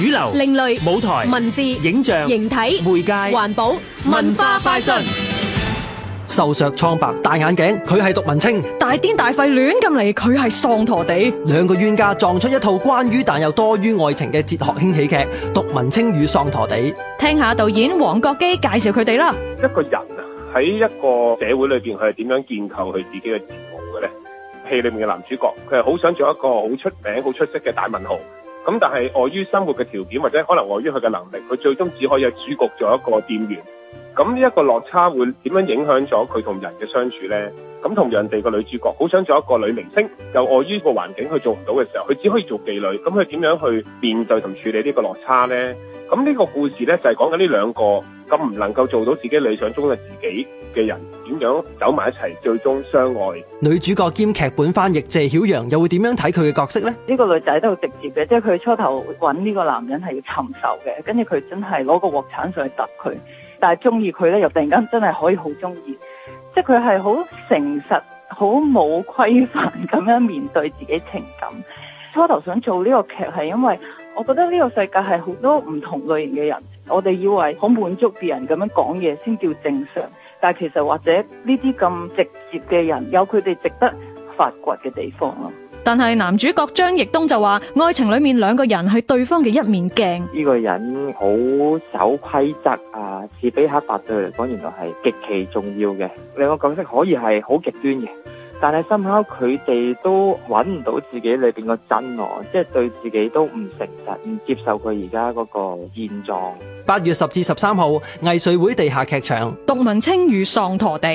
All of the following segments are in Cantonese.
主流、另類舞台、文字、影像、形體、媒介、環保、文化快訊。瘦削、蒼白、戴眼鏡，佢係讀文青。大癲大肺亂咁嚟，佢係喪陀地。兩個冤家撞出一套關於但又多於愛情嘅哲學輕喜劇，《讀文青與喪陀地》。聽下導演黃國基介紹佢哋啦。一個人喺一個社會裏邊，佢係點樣建構佢自己嘅自我嘅？戲裏面嘅男主角，佢係好想做一個好出名、好出色嘅大文豪。咁但係礙於生活嘅條件或者可能礙於佢嘅能力，佢最終只可以係主角做一個店員。咁呢一個落差會點樣影響咗佢同人嘅相處呢？咁同人哋個女主角好想做一個女明星，又礙於個環境佢做唔到嘅時候，佢只可以做妓女。咁佢點樣去面對同處理呢個落差呢？咁呢個故事呢，就係講緊呢兩個。咁唔能夠做到自己理想中嘅自己嘅人，點樣走埋一齊，最終相愛？女主角兼劇本翻譯謝曉陽又會點樣睇佢嘅角色呢？呢個女仔都好直接嘅，即係佢初頭揾呢個男人係要尋仇嘅，跟住佢真係攞個鑊鏟上去揼佢，但係中意佢呢，又突然間真係可以好中意，即係佢係好誠實、好冇規範咁樣面對自己情感。初頭想做呢個劇係因為。我覺得呢個世界係好多唔同類型嘅人，我哋以為好滿足別人咁樣講嘢先叫正常，但係其實或者呢啲咁直接嘅人有佢哋值得發掘嘅地方咯。但係男主角張翼東就話，愛情裏面兩個人係對方嘅一面鏡。呢個人好守規則啊，是非黑白對佢嚟講，原來係極其重要嘅。兩個角色可以係好極端嘅。但係深刻，佢哋都揾唔到自己裏邊個真我，即係對自己都唔誠實，唔接受佢而家嗰個現狀。八月十至十三號，藝穗會地下劇場，清《杜文青與喪陀地》。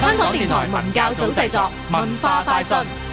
香港電台文教組製作，文化快訊。